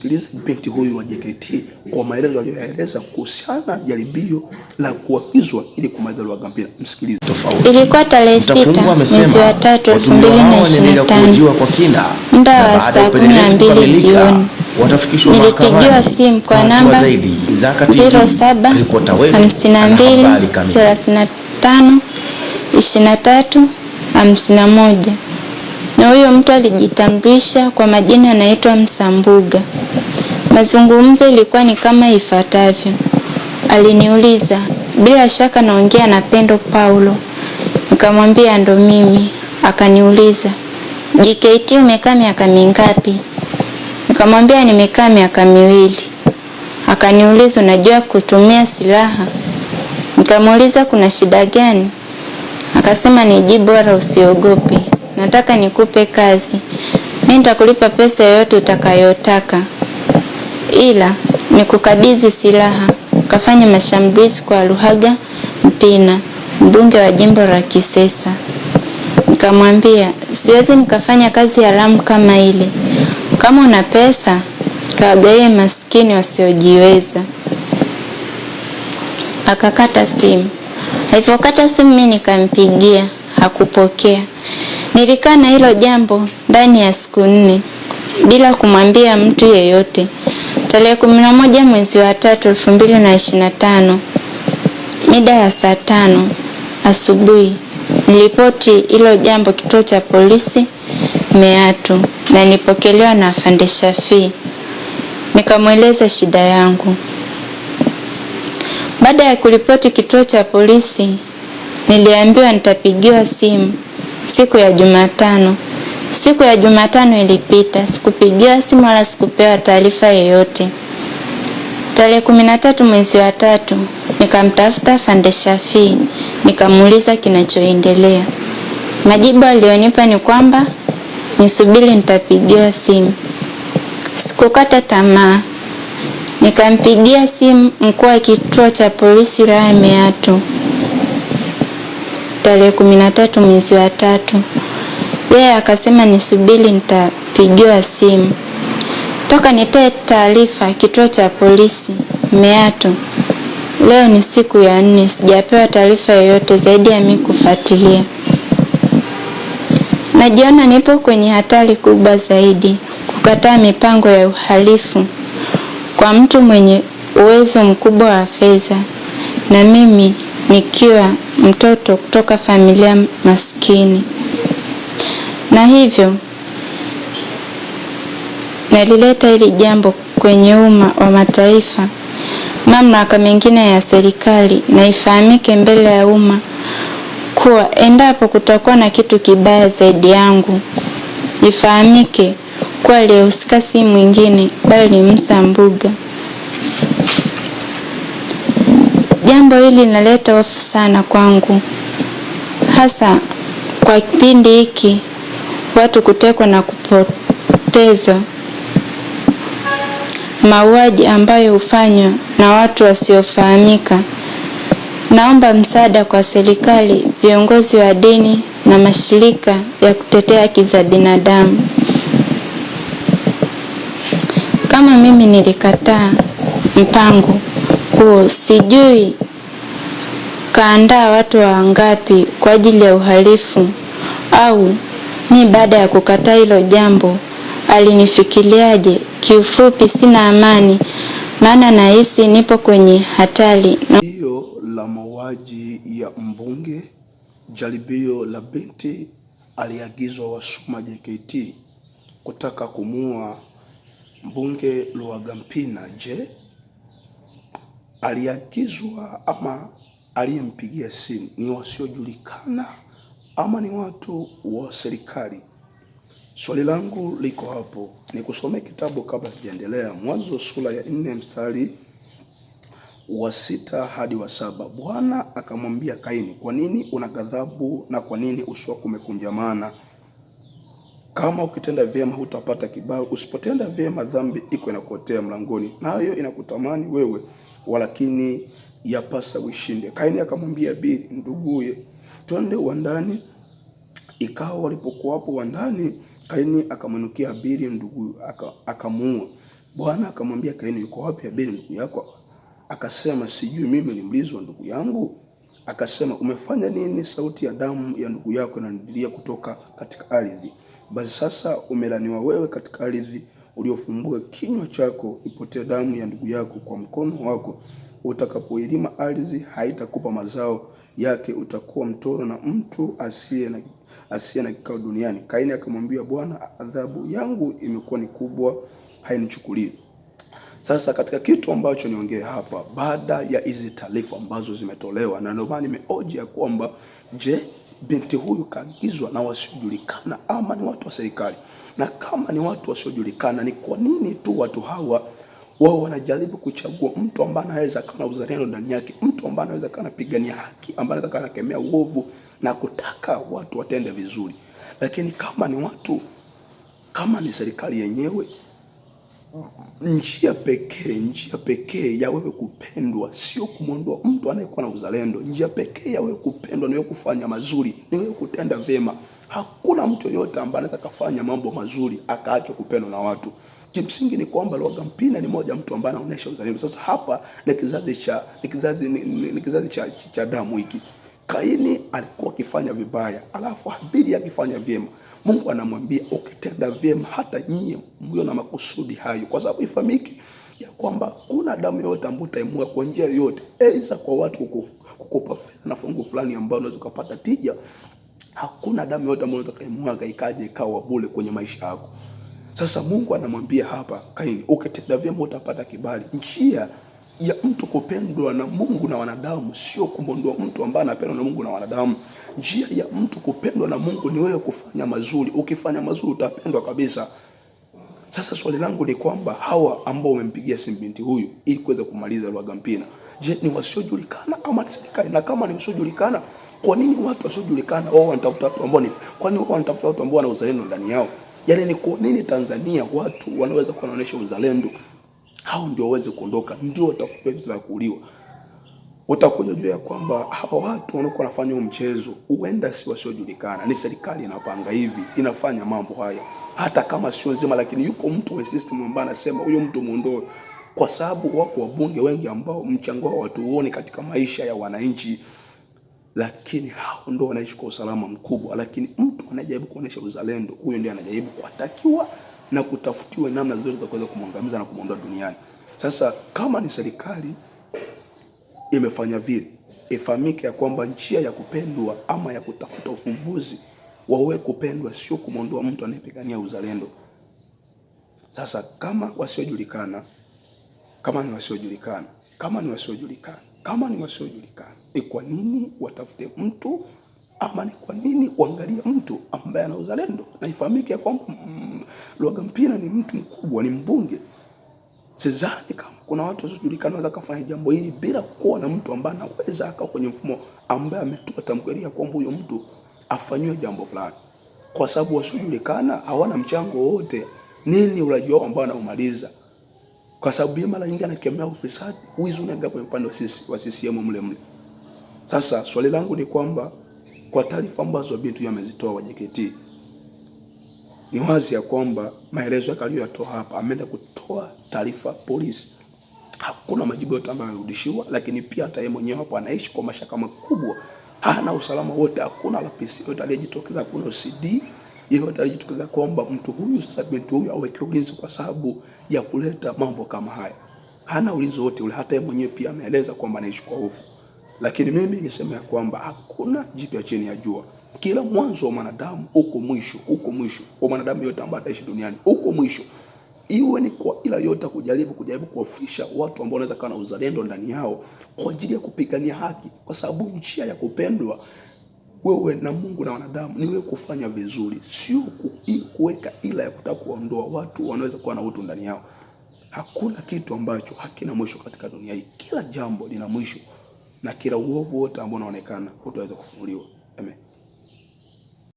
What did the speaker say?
Msikilize mpenti huyu wa JKT kwa maelezo aliyoyaeleza kuhusiana na jaribio la kuagizwa ili kumaliza Ruaga mpira Msikilize. Tofauti ilikuwa tarehe sita mwezi wa tatu elfu mbili na ishirini na tano muda wa saa kumi na mbili jioni nilipigiwa simu kwa namba ziro saba hamsini na mbili thelathini na tano ishirini na tatu hamsini na moja na huyo mtu alijitambulisha kwa majina anaitwa Msambuga. Mazungumzo ilikuwa ni kama ifuatavyo. Aliniuliza, bila shaka naongea na Pendo Paulo. Nikamwambia ndo mimi. Akaniuliza, JKT umekaa miaka mingapi? Nikamwambia nimekaa miaka miwili. Akaniuliza, unajua kutumia silaha? Nikamuuliza kuna shida gani? Akasema ni jibu, wala usiogope nataka nikupe kazi, Mimi nitakulipa pesa yoyote utakayotaka, ila nikukabidhi silaha kafanya mashambulizi kwa Luhaga Mpina, mbunge wa jimbo la Kisesa. Nikamwambia siwezi nikafanya kazi haramu kama ile, kama una pesa kawagaie maskini wasiojiweza. Akakata simu. Alipokata simu, mimi nikampigia hakupokea, Nilikaa na hilo jambo ndani ya siku nne bila kumwambia mtu yeyote. Tarehe kumi na moja mwezi wa tatu elfu mbili na ishirini na tano mida ya saa tano asubuhi nilipoti hilo jambo kituo cha polisi Meatu na nilipokelewa na afande Shafii. Nikamweleza shida yangu. Baada ya kuripoti kituo cha polisi, niliambiwa nitapigiwa simu siku ya Jumatano. Siku ya Jumatano ilipita, sikupigiwa simu wala sikupewa taarifa yoyote. Tarehe kumi na tatu mwezi wa tatu nikamtafuta Fande Shafii nikamuuliza kinachoendelea. Majibu alionipa ni kwamba nisubiri nitapigiwa simu. Sikukata tamaa, nikampigia simu mkuu wa kituo cha polisi wilaya Meatu tarehe kumi na tatu mwezi wa tatu. Yeye akasema nisubiri, nitapigiwa simu toka nitoe taarifa kituo cha polisi Meatu. Leo ni siku ya nne, sijapewa taarifa yoyote zaidi ya mi kufuatilia. Najiona nipo kwenye hatari kubwa zaidi kukataa mipango ya uhalifu kwa mtu mwenye uwezo mkubwa wa fedha na mimi nikiwa mtoto kutoka familia maskini, na hivyo nalileta hili jambo kwenye umma wa mataifa, mamlaka mengine ya serikali, na ifahamike mbele ya umma kuwa endapo kutakuwa na kitu kibaya zaidi yangu, ifahamike kuwa aliyehusika si mwingine bali ni Msambuga. Jambo hili linaleta hofu sana kwangu, hasa kwa kipindi hiki watu kutekwa na kupotezwa, mauaji ambayo hufanywa na watu wasiofahamika. Naomba msaada kwa serikali, viongozi wa dini na mashirika ya kutetea haki za binadamu. Kama mimi nilikataa mpango mkuu, sijui kaandaa watu wangapi kwa ajili ya uhalifu, au ni baada ya kukataa hilo jambo alinifikiliaje Kiufupi sina amani, maana nahisi nipo kwenye hatari. Hiyo la mauaji ya mbunge, jaribio la binti aliagizwa Wasuma JKT kutaka kumua mbunge luagampina Je, aliagizwa ama aliyempigia simu ni wasiojulikana ama ni watu wa serikali? Swali langu liko hapo. Ni kusomea kitabu kabla sijaendelea, Mwanzo sura ya nne mstari wa sita hadi wa saba. Bwana akamwambia Kaini, kwa nini una ghadhabu na kwa nini uso wako umekunjamana? Kama ukitenda vyema hutapata kibali, usipotenda vyema dhambi iko inakuotea mlangoni, nayo inakutamani wewe walakini yapasa ushinde. Kaini akamwambia Abili nduguye, twende uwandani. Ikawa hapo uwandani, Kaini akamwinukia Abili ndugu akamuua. Bwana akamwambia Kaini, yuko wapi Abili ndugu yako? Akasema, sijui, mimi wa ndugu yangu. Akasema, umefanya nini? Sauti ya damu ya ndugu yako inanidilia kutoka katika ardhi. Basi sasa umelaniwa wewe katika ardhi uliofumbua kinywa chako, ipotee damu ya ndugu yako kwa mkono wako. Utakapoilima ardhi, haitakupa mazao yake, utakuwa mtoro na mtu asiye na asiye na kikao duniani. Kaini akamwambia Bwana, adhabu yangu imekuwa ni kubwa, hainichukulii. Sasa katika kitu ambacho niongee hapa, baada ya hizi taarifa ambazo zimetolewa, na ndio maana ya kwamba je binti huyu kaagizwa na wasiojulikana, ama ni watu wa serikali. Na kama ni watu wasiojulikana, ni kwa nini tu watu hawa wao wanajaribu kuchagua mtu ambaye anaweza kana uzalendo ndani yake, mtu ambaye anaweza kana pigania haki, ambaye anaweza kana kemea uovu na kutaka watu watende vizuri. Lakini kama ni watu, kama ni serikali yenyewe njia pekee, njia pekee ya wewe kupendwa sio kumwondoa mtu anayekuwa na uzalendo. Njia pekee ya wewe kupendwa ni wewe kufanya mazuri, ni wewe kutenda vyema. Hakuna mtu yoyote ambaye anaweza kufanya mambo mazuri akaachwa kupendwa na watu. Kimsingi ni kwamba Lwaga Mpina ni moja mtu ambaye anaonesha uzalendo. Sasa hapa ni kizazi cha ni kizazi ni kizazi cha, cha damu hiki Kaini alikuwa akifanya vibaya, alafu Habili akifanya vyema. Mungu anamwambia ukitenda vyema, hata nyie mlio na makusudi hayo, kwa sababu ifahamiki ya kwamba kuna damu yoyote ambayo utaimwaga kwa njia yoyote, aidha kwa watu kukupa fedha na fungu fulani ambayo unaweza kupata tija. Hakuna damu yoyote ambayo utakaimwaga ikaje ikawa bure kwenye maisha yako. Sasa Mungu anamwambia hapa Kaini, ukitenda vyema utapata kibali njia ya mtu kupendwa na Mungu na wanadamu sio kumondoa mtu ambaye anapendwa na Mungu na wanadamu. Njia ya mtu kupendwa na Mungu ni wewe kufanya mazuri. Ukifanya mazuri utapendwa kabisa. Sasa swali langu ni kwamba hawa ambao wamempigia simu binti huyu ili kuweza kumaliza Mpina, je, ni wasiojulikana ama ni serikali? Na kama ni wasiojulikana, kwa nini watu wasiojulikana wao wanatafuta watu ambao ni kwa nini wao wanatafuta watu ambao wana uzalendo ndani yao? Yaani ni kwa nini Tanzania watu wanaweza kuonaonesha uzalendo hao ndio waweze kuondoka, ndio watafutiwa vitu vya kuuliwa. Utakuja jua ya kwamba hao watu wanakuwa wanafanya huo mchezo huenda si wasiojulikana, ni serikali inapanga hivi, inafanya mambo haya, hata kama sio nzima, lakini yuko mtu wa system ambaye anasema huyo mtu muondoe, kwa sababu wako wabunge wengi ambao mchango wao watu hatuuoni katika maisha ya wananchi, lakini hao ndio wanaishi kwa usalama mkubwa. Lakini mtu anajaribu kuonesha uzalendo, huyo ndiye anajaribu kuatakiwa na kutafutiwa namna zote za kuweza kumwangamiza na kumwondoa duniani. Sasa kama ni serikali imefanya vile, ifahamike ya kwamba njia ya kupendwa ama ya kutafuta ufumbuzi wawe kupendwa sio kumwondoa mtu anayepigania uzalendo. Sasa kama wasiojulikana, kama ni wasiojulikana, kama ni wasiojulikana, kama ni wasiojulikana, ni kwa nini watafute mtu ama ni kwa nini uangalie mtu ambaye ana uzalendo? Na ifahamike ya kwamba Lwagampina ni mtu mkubwa, ni mbunge. Sidhani kama kuna watu wasiojulikana wanaweza kufanya jambo hili bila kuwa na mtu ambaye anaweza akaa kwenye mfumo ambaye ametoa tamko kwamba huyo mtu afanywe jambo fulani, kwa sababu wasiojulikana hawana mchango wote. Nini ulaji wao ambao anaumaliza? Kwa sababu yeye mara nyingi anakemea ufisadi, wizi unaenda kwenye upande wa sisi wa CCM mle mle. Sasa swali langu ni kwamba kwa taarifa ambazo bintu yamezitoa wa JKT ni wazi ya kwamba maelezo yake aliyoyatoa hapa, ameenda kutoa taarifa polisi, hakuna majibu yote ambayo amerudishiwa, lakini pia hata yeye mwenyewe hapo anaishi kwa mashaka makubwa, hana usalama wote, hakuna RPC yote aliyejitokeza, hakuna OCD yeyote alijitokeza kwamba mtu huyu sasa binti huyu awekewe ulinzi kwa sababu ya kuleta mambo kama haya. Hana ulinzi wote ule, hata yeye mwenyewe pia ameeleza kwamba anaishi kwa hofu. Lakini mimi nisema ya kwamba hakuna jipya chini ya jua. Kila mwanzo wa mwanadamu uko mwisho, uko mwisho wa mwanadamu yote ambaye ataishi duniani, uko mwisho iwe ni kwa ila yote kujaribu kujaribu kuwafisha watu ambao wanaweza kuwa na uzalendo ndani yao kwa ajili ya kupigania haki, kwa sababu njia ya kupendwa wewe na Mungu na wanadamu ni wewe kufanya vizuri, sio kuweka ila ya kutaka kuondoa watu wanaweza kuwa na utu ndani yao. Hakuna kitu ambacho hakina mwisho katika dunia hii, kila jambo lina mwisho na kila uovu wote ambao unaonekana hutaweza kufunguliwa. Amen.